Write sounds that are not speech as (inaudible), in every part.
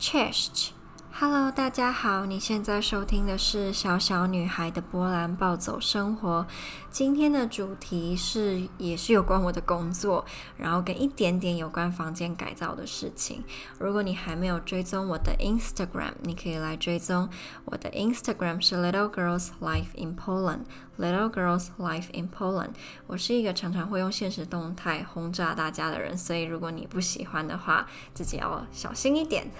Chesh. Hello, 大家好，你現在收聽的是小小女孩的波蘭暴走生活。今天的主題是，也是有關我的工作，然後跟一點點有關房間改造的事情。如果你還沒有追蹤我的 Instagram，你可以來追蹤我的 Instagram 是 little girls life in Poland。Little girl's life in Poland。我是一個常常會用現實動態轟炸大家的人，所以如果你不喜歡的話，自己要小心一點，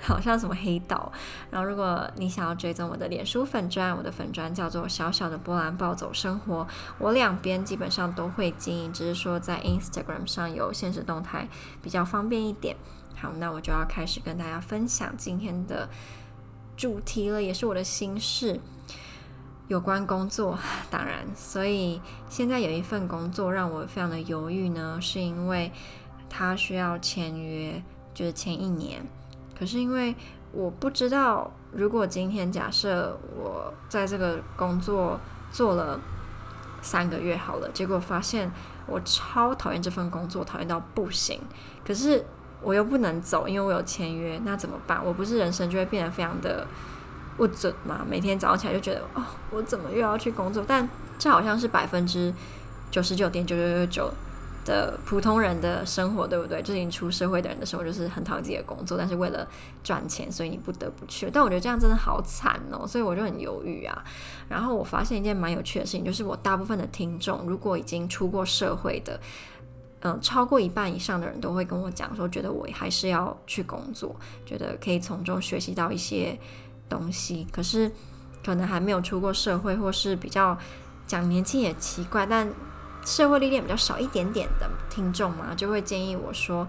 好像什麼黑道。然後，如果你想要追蹤我的臉書粉專，我的粉專叫做小小的波蘭暴走生活，我兩邊基本上都會經營，只是說在 Instagram 上有現實動態比較方便一點。好，那我就要開始跟大家分享今天的主題了，也是我的心事。有關工作，當然，所以現在有一份工作讓我非常的猶豫呢，是因為他需要簽約，就是簽一年。可是因為我不知道，如果今天假設我在這個工作做了三個月好了，結果發現我超討厭這份工作，討厭到不行。可是我又不能走，因為我有簽約，那怎麼辦？我不是人生就會變得非常的。不準嘛，每天早上起來就覺得，哦，我怎麼又要去工作？但這好像是百分之九十九點九九九九的普通人的生活，對不對？就已經出社會的人的時候，就是很討厭自己的工作，但是為了賺錢，所以你不得不去。但我覺得這樣真的好慘哦，所以我就很猶豫啊。然後我發現一件蠻有趣的事情，就是我大部分的聽眾，如果已經出過社會的，嗯、呃，超過一半以上的人，都會跟我講說，覺得我還是要去工作，覺得可以從中學習到一些。東西，可是可能還沒有出過社會，或是比較講年輕也奇怪，但社會歷練比較少一點點的聽眾嘛，就會建議我說，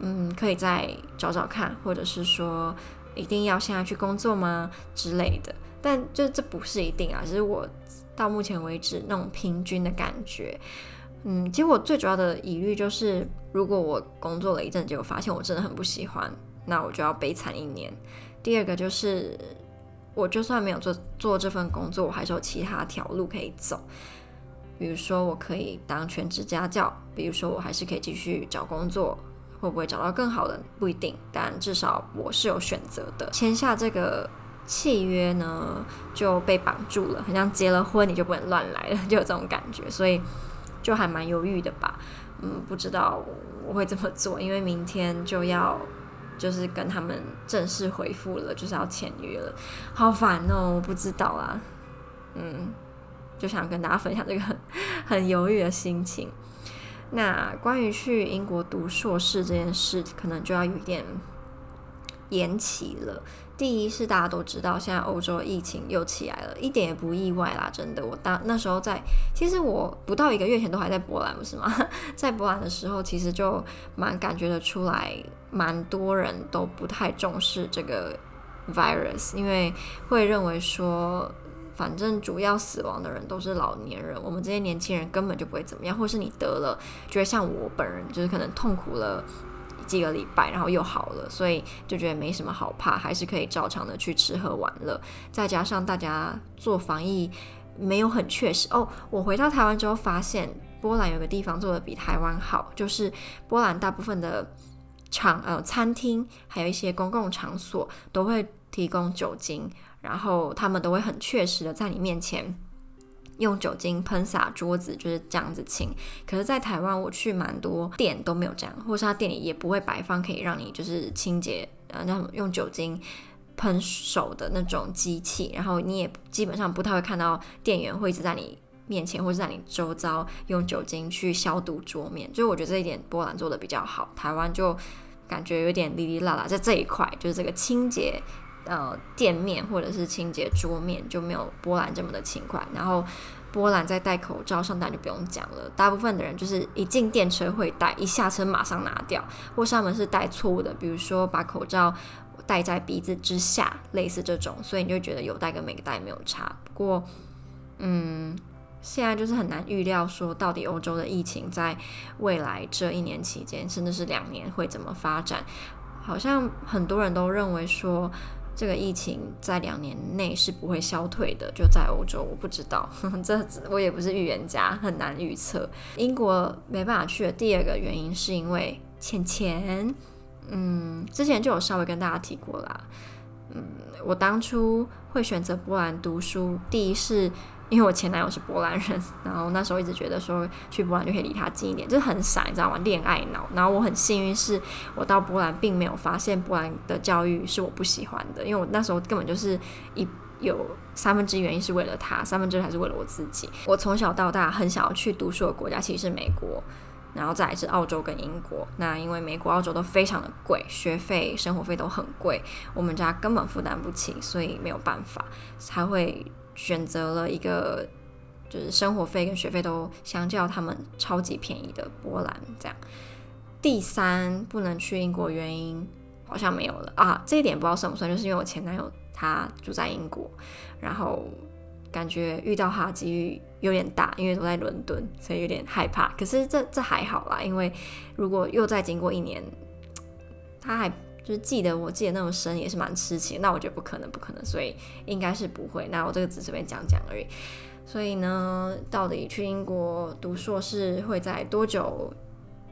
嗯，可以再找找看，或者是說一定要現在去工作嗎之類的？但就這不是一定啊，只是我到目前為止那種平均的感覺。嗯，其實我最主要的疑慮就是，如果我工作了一陣子，結果發現我真的很不喜歡，那我就要悲慘一年。第二個就是，我就算沒有做做這份工作，我還是有其他條路可以走。比如說，我可以當全職家教，比如說，我還是可以繼續找工作。會不會找到更好的？不一定，但至少我是有選擇的。簽下這個契約呢，就被綁住了，好像結了婚你就不能亂來了，就有這種感覺。所以，就還蠻猶豫的吧。嗯，不知道我會怎麼做，因為明天就要。就是跟他們正式回復了，就是要簽約了，好煩哦！我不知道啦、啊，嗯，就想跟大家分享這個很、很猶豫的心情。那關於去英國讀碩士這件事，可能就要有點延期了。第一是大家都知道，現在歐洲疫情又起來了，一點也不意外啦，真的。我當那時候在，其實我不到一個月前都還在波蘭，不是嗎？在波蘭的時候，其實就蠻感覺得出來，蠻多人都不太重視這個 virus，因為會認為說，反正主要死亡的人都是老年人，我們這些年輕人根本就不會怎麼樣，或是你得了，就會像我本人，就是可能痛苦了。幾個禮拜，然後又好了，所以就覺得沒什麼好怕，還是可以照常的去吃喝玩樂。再加上大家做防疫沒有很確實。哦，我回到台灣之後發現，波蘭有個地方做得比台灣好，就是波蘭大部分的場，呃，餐廳，還有一些公共場所都會提供酒精，然後他們都會很確實的在你面前用酒精噴灑桌子，就是這樣子清。可是，在台灣我去蠻多店都沒有這樣，或是他店裡也不會擺放可以讓你就是清潔，呃，讓用酒精噴手的那種機器，然後你也基本上不太會看到店員會一直在你面前或是在你周遭用酒精去消毒桌面，就我覺得這一點波蘭做得比較好，台灣就感覺有點哩哩啦啦，在這一塊，就是這個清潔。呃，店面或者是清潔桌面就沒有波蘭這麼的勤快。然後，波蘭在戴口罩上當然就不用講了，大部分的人就是一進電車會戴，一下車馬上拿掉。或是他們是戴錯誤的，比如說把口罩戴在鼻子之下，類似這種，所以你就覺得有戴跟沒戴沒有差。不過，嗯，現在就是很難預料說到底歐洲的疫情在未來這一年期間，甚至是兩年會怎麼發展。好像很多人都認為說。這個疫情在兩年內是不會消退的，就在歐洲，我不知道，呵呵，這我也不是預言家，很難預測。英國沒辦法去的第二個原因是因為錢，錢，嗯，之前就有稍微跟大家提過啦。嗯，我當初會選擇波蘭讀書，第一是。因為我前男友是波蘭人，然後那時候一直覺得說去波蘭就可以離他近一點，就是很傻，你知道嗎？戀愛腦。然後我很幸運，是我到波蘭，並沒有發現波蘭的教育是我不喜歡的，因為我那時候根本就是一有三分之一原因是為了他，三分之一還是為了我自己。我從小到大很想要去讀書的國家其實是美國，然後再來是澳洲跟英國。那因為美國、澳洲都非常的貴，學費、生活費都很貴，我們家根本負擔不起，所以沒有辦法才會。選擇了一個就是生活費跟學費都相較他們超級便宜的波蘭，這樣。第三不能去英國原因好像沒有了啊，這一點不知道算不算，就是因為我前男友他住在英國，然後感覺遇到他的幾率有點大，因為都在倫敦，所以有點害怕。可是這這還好啦，因為如果又再經過一年，他還。就是記得，我記得那麼深，也是蠻痴情。那我覺得不可能，不可能，所以應該是不會。那我這個只是隨便講講而已。所以呢，到底去英國讀碩士會在多久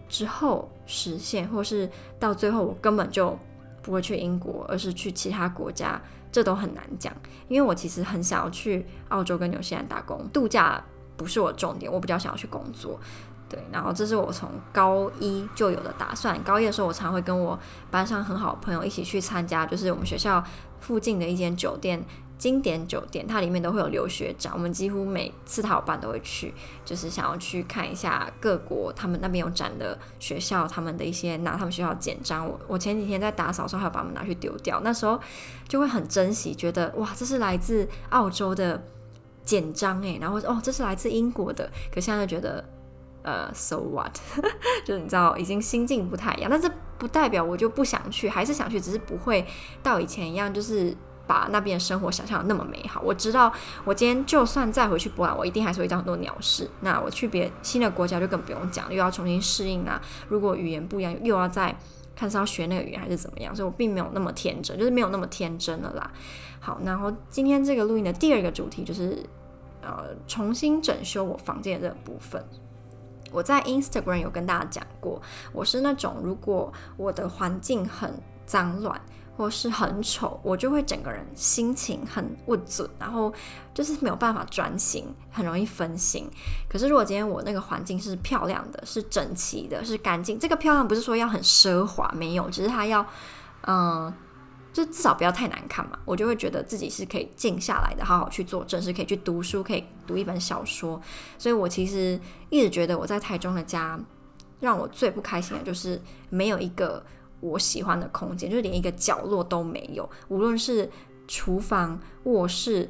之後實現，或是到最後我根本就不會去英國，而是去其他國家，這都很難講。因為我其實很想要去澳洲跟紐西蘭打工，度假不是我的重點，我比較想要去工作。對，然後這是我從高一就有的打算。高一的時候，我常會跟我班上很好的朋友一起去參加，就是我們學校附近的一間酒店，經典酒店，它裡面都會有留學展。我們幾乎每次他有辦都會去，就是想要去看一下各國他們那邊有展的學校，他們的一些，拿他們學校簡章。我我前幾天在打掃的時候，還有把它們拿去丟掉。那時候就會很珍惜，覺得哇，這是來自澳洲的簡章誒、欸，然後哦，這是來自英國的。可現在就覺得。呃、uh，so what？ (laughs) 就你知道，已經心境不太一樣，但這不代表我就不想去，還是想去，只是不會到以前一樣，就是把那邊的生活想象得那麼美好。我知道，我今天就算再回去波蘭，我一定還是會遇到很多鳥事。那我去別新的國家就更不用講，又要重新適應啦、啊。如果語言不一樣，又要再看是要學那個語言還是怎麼樣？所以我並沒有那麼天真，就是沒有那麼天真了啦。好，然後今天這個錄音的第二個主題就是，呃，重新整修我房間的這個部分。我在 Instagram 有跟大家講過，我是那種如果我的環境很髒亂或是很醜，我就會整個人心情很不穩，然後就是沒有辦法專心，很容易分心。可是如果今天我那個環境是漂亮的，是整齊的，是乾淨，這個漂亮不是說要很奢華，沒有，只是它要，嗯、呃。就至少不要太難看嘛，我就會覺得自己是可以靜下來的，好好去做正事，可以去讀書，可以讀一本小說。所以我其實一直覺得我在台中的家，讓我最不開心的就是沒有一個我喜歡的空間，就連一個角落都沒有。無論是廚房、臥室、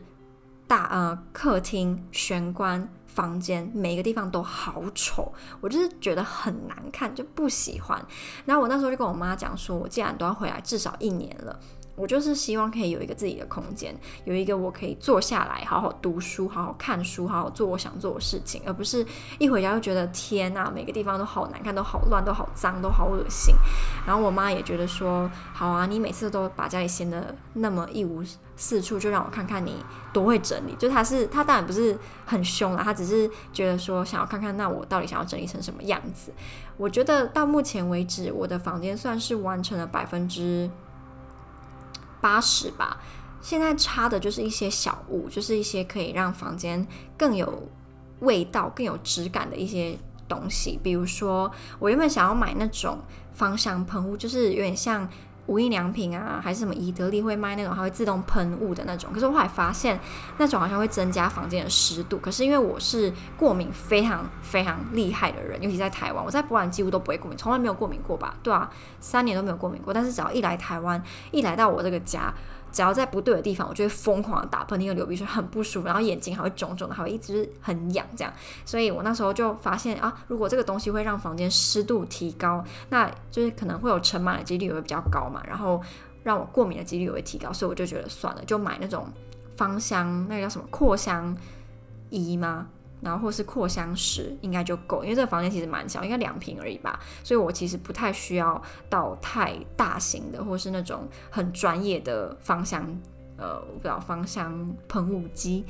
大、呃、客廳、玄關、房間，每一個地方都好醜，我就是覺得很難看，就不喜歡。然後我那時候就跟我媽講說，我既然都要回來至少一年了。我就是希望可以有一個自己的空間，有一個我可以坐下來好好讀書、好好看書、好好做我想做的事情，而不是一回家就覺得天哪，每個地方都好難看，都好亂，都好髒，都好噁心。然後我媽也覺得說，好啊，你每次都把家裡嫌得那麼一無是處，就讓我看看你多會整理。就她是她，當然不是很凶啦，她只是覺得說想要看看那我到底想要整理成什麼樣子。我覺得到目前為止，我的房間算是完成了百分之。八十吧，現在差的就是一些小物，就是一些可以讓房間更有味道、更有質感的一些東西。比如說，我原本想要買那種芳香噴霧，就是有點像。無印良品啊，還是什麼宜得利會賣那種，還會自動噴霧的那種。可是後來發現，那種好像會增加房間的濕度。可是因為我是過敏非常非常厲害的人，尤其在台灣，我在波蘭幾乎都不會過敏，從來沒有過敏過吧？對啊，三年都沒有過敏過。但是只要一來台灣，一來到我這個家。只要在不對的地方，我就會瘋狂打噴嚏和流鼻水，很不舒服。然後眼睛還會腫腫的，還會一直很癢，這樣。所以我那時候就發現啊，如果這個東西會讓房間濕度提高，那就是可能會有塵蟎的幾率也會比較高嘛。然後讓我過敏的幾率也會提高，所以我就覺得算了，就買那種芳香，那個叫什麼擴香儀嗎？然後，或是擴香石應該就夠，因為這個房間其實蠻小，應該兩平而已吧，所以我其實不太需要到太大型的，或是那種很專業的芳香，呃，我不知道芳香噴霧機。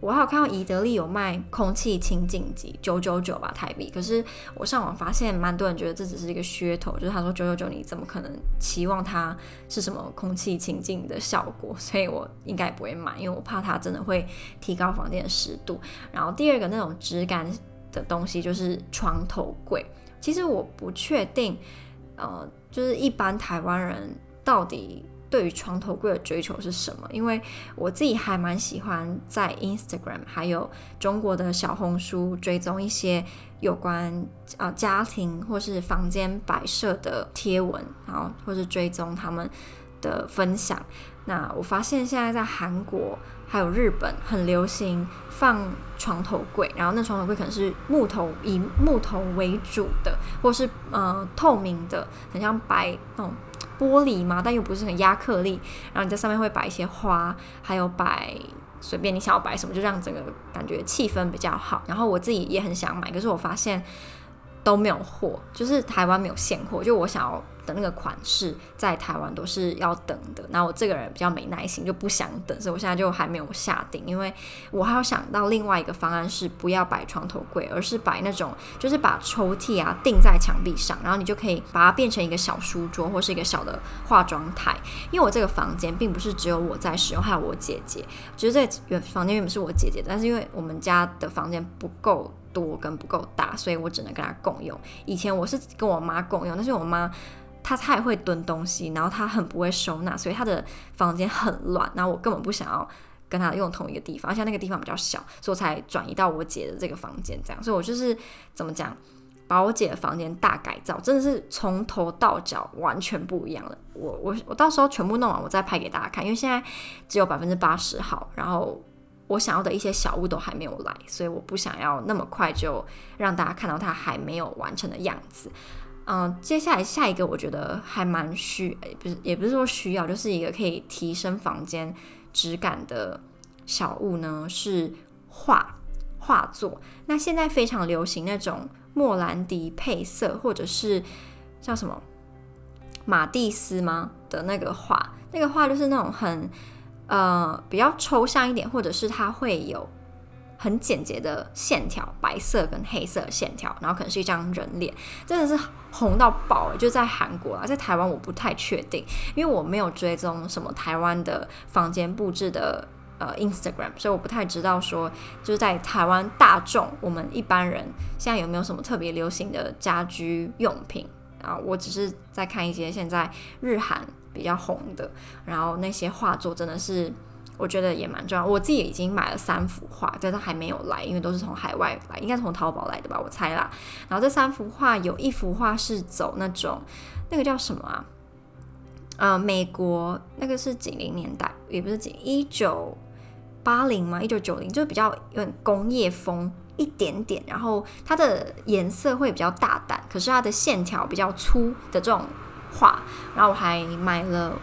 我還有看到宜得利有賣空氣清淨機，九九九吧，台幣。可是我上網發現蠻多人覺得這只是一個噱頭，就是他說九九九，你怎麼可能期望它是什麼空氣清淨的效果？所以我應該不會買，因為我怕它真的會提高房間的濕度。然後第二個那種質感的東西就是床頭櫃。其實我不確定，呃，就是一般台灣人到底。對於床頭櫃的追求是什麼？因為我自己還蠻喜歡在 Instagram 還有中國的小紅書追蹤一些有關啊家庭或是房間擺設的貼文，然後或是追蹤他們的分享。那我發現現在在韓國還有日本很流行放床頭櫃，然後那床頭櫃可能是木頭，以木頭為主的，或是呃透明的，很像白那種。玻璃嘛，但又不是很壓克力，然後你在上面會擺一些花，還有擺隨便你想要擺什麼，就讓整個感覺氣氛比較好。然後我自己也很想買，可是我發現。都沒有貨，就是台灣沒有現貨。就我想要的那個款式，在台灣都是要等的。然後我這個人比較沒耐心，就不想等，所以我現在就還沒有下定。因為我還要想到另外一個方案，是不要擺床頭櫃，而是擺那種，就是把抽屜啊釘在牆壁上，然後你就可以把它變成一個小書桌，或是一個小的化妝台。因為我這個房間並不是只有我在使用，還有我姐姐。其實這個房間原本是我姐姐，但是因為我們家的房間不夠。多跟不夠大，所以我只能跟他共用。以前我是跟我媽共用，但是我媽她太會囤東西，然後她很不會收納，所以她的房間很亂。然後我根本不想要跟她用同一個地方，而且那個地方比較小，所以我才轉移到我姐的這個房間這樣。所以我就是怎麼講，把我姐的房間大改造，真的是從頭到腳完全不一樣了。我我我到時候全部弄完，我再拍給大家看，因為現在只有百分之八十好。然後。我想要的一些小物都還沒有來，所以我不想要那麼快就讓大家看到它還沒有完成的樣子。嗯、呃，接下來下一個我覺得還蠻需要，也不是也不是說需要，就是一個可以提升房間質感的小物呢，是畫畫作。那現在非常流行那種莫蘭迪配色，或者是叫什麼馬蒂斯嗎？的那個畫，那個畫就是那種很，呃，比較抽象一點，或者是它會有很簡潔的線條，白色跟黑色線條，然後可能是一張人臉，真的是紅到爆，就在韓國啊，在台灣我不太確定，因為我沒有追蹤什麼台灣的房間佈置的呃 Instagram，所以我不太知道說就是在台灣大眾我們一般人現在有沒有什麼特別流行的家居用品啊？我只是在看一些現在日韓。比較紅的，然後那些畫作真的是，我覺得也蠻重要。我自己已經買了三幅畫，但是還沒有來，因為都是從海外來，應該從淘寶來的吧，我猜啦。然後這三幅畫有一幅畫是走那種，那個叫什麼啊？呃，美國那個是幾零年代，也不是幾，一九八零嘛，一九九零，就是比較有點工業風一點點。然後它的顏色會比較大膽，可是它的線條比較粗的這種。畫，然後我還買了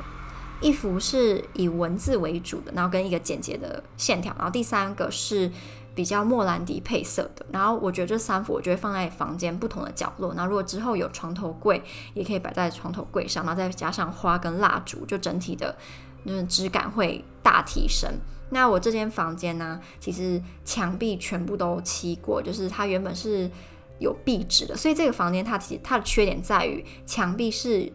一幅是以文字為主的，然後跟一個簡潔的線條，然後第三個是比較莫蘭迪配色的，然後我覺得這三幅我就會放在房間不同的角落，那如果之後有床頭櫃，也可以擺在床頭櫃上，然後再加上花跟蠟燭，就整體的那種質感會大提升。那我這間房間呢，其實牆壁全部都漆過，就是它原本是。有壁紙的，所以這個房間它其實它的缺點在於牆壁是，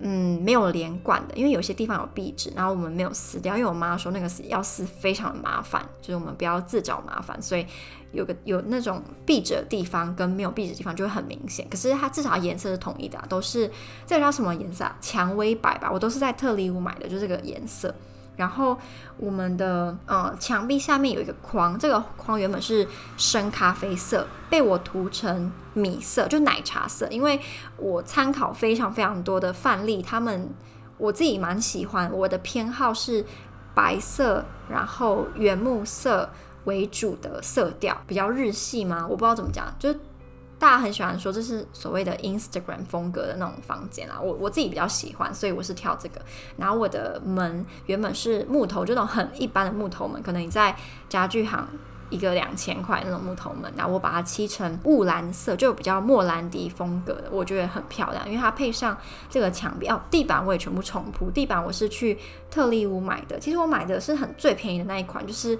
嗯，沒有連貫的，因為有些地方有壁紙，然後我們沒有撕掉。因為我媽說那個要撕非常的麻煩，就是我們不要自找麻煩。所以有個有那種壁紙的地方跟沒有壁紙的地方就會很明顯。可是它至少顏色是統一的啊，都是這叫什麼顏色啊？薔薇白吧，我都是在特力屋買的，就這個顏色。然後我們的呃牆壁下面有一個框，這個框原本是深咖啡色，被我塗成米色，就奶茶色。因為我參考非常非常多的範例，他們我自己蠻喜歡。我的偏好是白色，然後原木色為主的色調，比較日系嘛，我不知道怎麼講，就大家很喜歡說，這是所謂的 Instagram 風格的那種房間啊。我我自己比較喜歡，所以我是挑這個。然後我的門原本是木頭，這種很一般的木頭門，可能你在家具行一個兩千塊那種木頭門，然後我把它漆成霧藍色，就比較莫蘭迪風格的，我覺得很漂亮，因為它配上這個牆壁哦，地板我也全部重鋪，地板我是去特力屋買的，其實我買的是很最便宜的那一款，就是。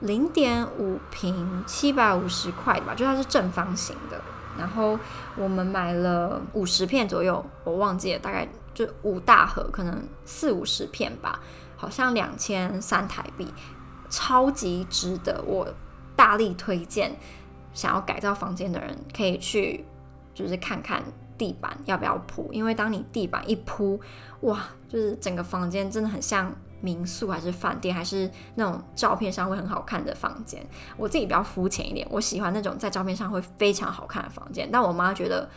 零點五平七百五十塊吧，就它是正方形的。然後我們買了五十片左右，我忘記了，大概就五大盒，可能四五十片吧，好像兩千三台幣，超級值得，我大力推薦。想要改造房間的人可以去，就是看看地板要不要鋪，因為當你地板一鋪，哇，就是整個房間真的很像民宿還是飯店，還是那種照片上會很好看的房間。我自己比較膚淺一點，我喜歡那種在照片上會非常好看的房間。但我媽覺得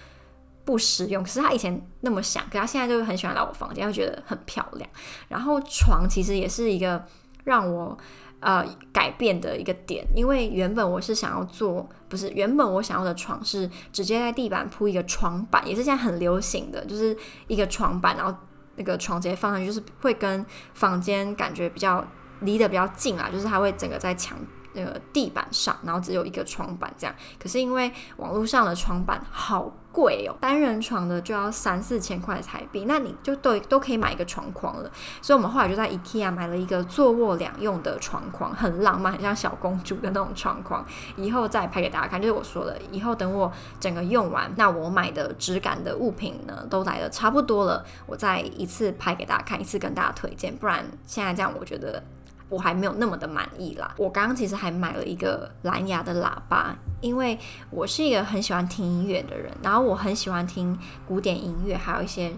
不實用，可是她以前那麼想，可她現在就很喜歡來我房間，她會覺得很漂亮。然後床其實也是一個讓我呃改變的一個點，因為原本我是想要做，不是原本我想要的床是直接在地板鋪一個床板，也是現在很流行的，就是一個床板，然後。那、這個床直接放上去，就是會跟房間感覺比較離得比較近啊，就是它會整個在牆那、這個地板上，然後只有一個床板這樣。可是因為網絡上的床板好。貴哦，單人床的就要三四千塊台幣，那你就都都可以買一個床框了。所以我們後來就在 IKEA 買了一個坐臥兩用的床框，很浪漫，很像小公主的那種床框。以後再拍給大家看，就是我說了，以後等我整個用完，那我買的質感的物品呢，都來了差不多了，我再一次拍給大家看，一次跟大家推薦。不然現在這樣，我覺得。我還沒有那麼的滿意啦。我剛剛其實還買了一個藍牙的喇叭，因為我是一個很喜歡聽音樂的人，然後我很喜歡聽古典音樂，還有一些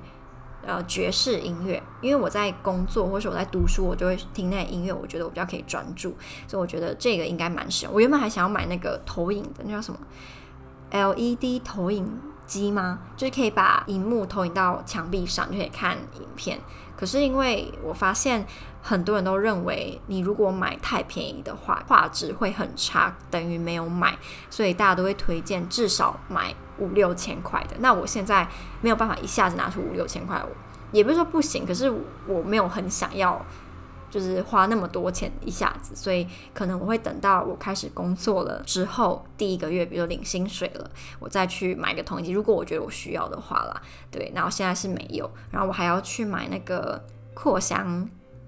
呃爵士音樂。因為我在工作或者我在讀書，我就會聽那些音樂，我覺得我比較可以專注，所以我覺得這個應該蠻適用。我原本還想要買那個投影的，那叫什麼？LED 投影。機嗎？就是可以把熒幕投影到牆壁上，就可以看影片。可是因為我發現很多人都認為，你如果買太便宜的話，畫質會很差，等於沒有買。所以大家都會推薦至少買五六千塊的。那我現在沒有辦法一下子拿出五六千塊我，也不是說不行，可是我沒有很想要。就是花那麼多錢一下子，所以可能我會等到我開始工作了之後第一個月，比如領薪水了，我再去買個統計。如果我覺得我需要的話啦，對。然後現在是沒有，然後我還要去買那個擴香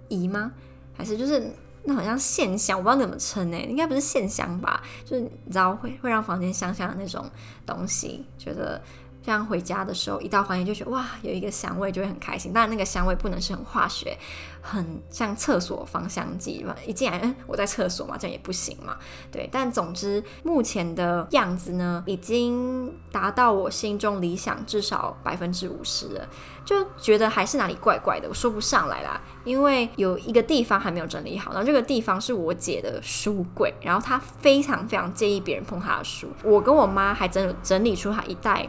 儀嗎？還是就是那好像線香，我不知道怎麼稱。哎、欸，應該不是線香吧？就是你知道會會讓房間香香的那種東西，覺得。這樣回家的時候，一到房間就覺得哇，有一個香味就會很開心。當然，那個香味不能是很化學，很像廁所芳香劑嘛。一進來，哎，我在廁所嘛，這樣也不行嘛。對，但總之目前的樣子呢，已經達到我心中理想至少百分之五十了，就覺得還是哪裡怪怪的，我說不上來啦。因為有一個地方還沒有整理好，然後這個地方是我姐的書櫃，然後她非常非常介意別人碰她的書。我跟我媽還整整理出她一袋。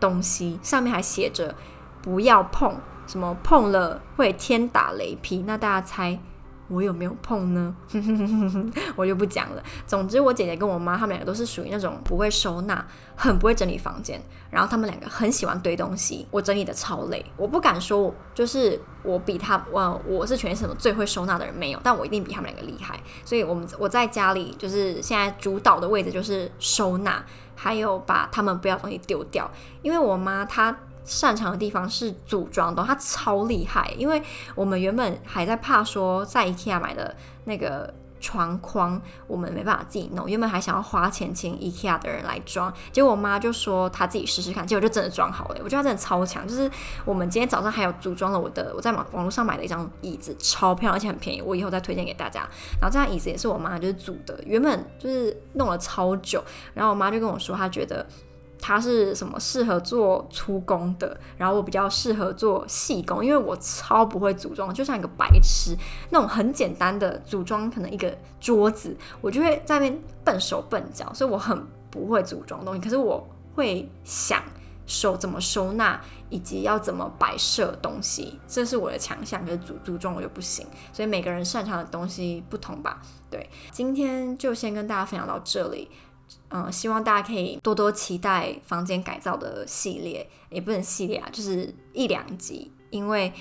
東西上面還寫着“不要碰”，什麼碰了會天打雷劈。那大家猜我有沒有碰呢？ (laughs) 我就不講了。總之，我姐姐跟我媽他們兩個都是屬於那種不會收納、很不會整理房間，然後他們兩個很喜歡堆東西。我整理得超累，我不敢說，就是我比他，我、呃、我是全什麼最會收納的人沒有，但我一定比他們兩個厲害。所以，我們我在家裡就是現在主導的位置就是收納，還有把他們不要的東西丟掉。因為我媽她。擅長的地方是組裝東西，它超厲害。因為我們原本還在怕說在 IKEA 買的那個床框，我們沒辦法自己弄。原本還想要花錢請 IKEA 的人來裝，結果我媽就說她自己試試看，結果就真的裝好了。我覺得她真的超強。就是我們今天早上還有組裝了我的我在網網絡上買的一張椅子，超漂亮，而且很便宜。我以後再推薦給大家。然後這張椅子也是我媽就是組的，原本就是弄了超久。然後我媽就跟我說，她覺得。他是什麼適合做粗工的，然後我比較適合做細工，因為我超不會組裝，就像一個白痴那種很簡單的組裝，可能一個桌子，我就會在那邊笨手笨腳，所以我很不會組裝的東西。可是我會想手怎麼收納，以及要怎麼擺設東西，這是我的強項。可、就是組組裝我就不行，所以每個人擅長的東西不同吧？對，今天就先跟大家分享到這裡。嗯，希望大家可以多多期待房間改造的系列，也不能系列啊，就是一兩集，因為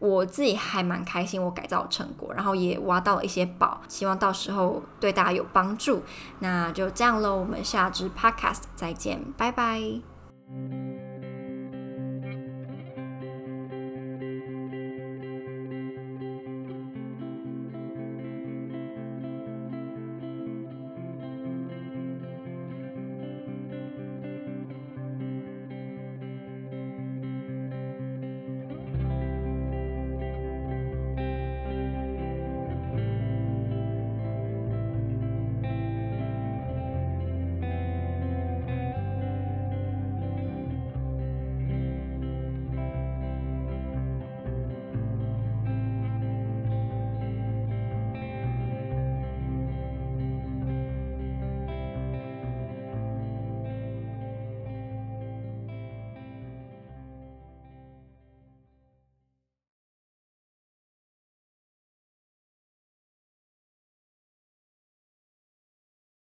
我自己還蠻開心我改造成果，然後也挖到了一些寶，希望到時候對大家有幫助。那就這樣嘍，我們下支 Podcast 再見，拜拜。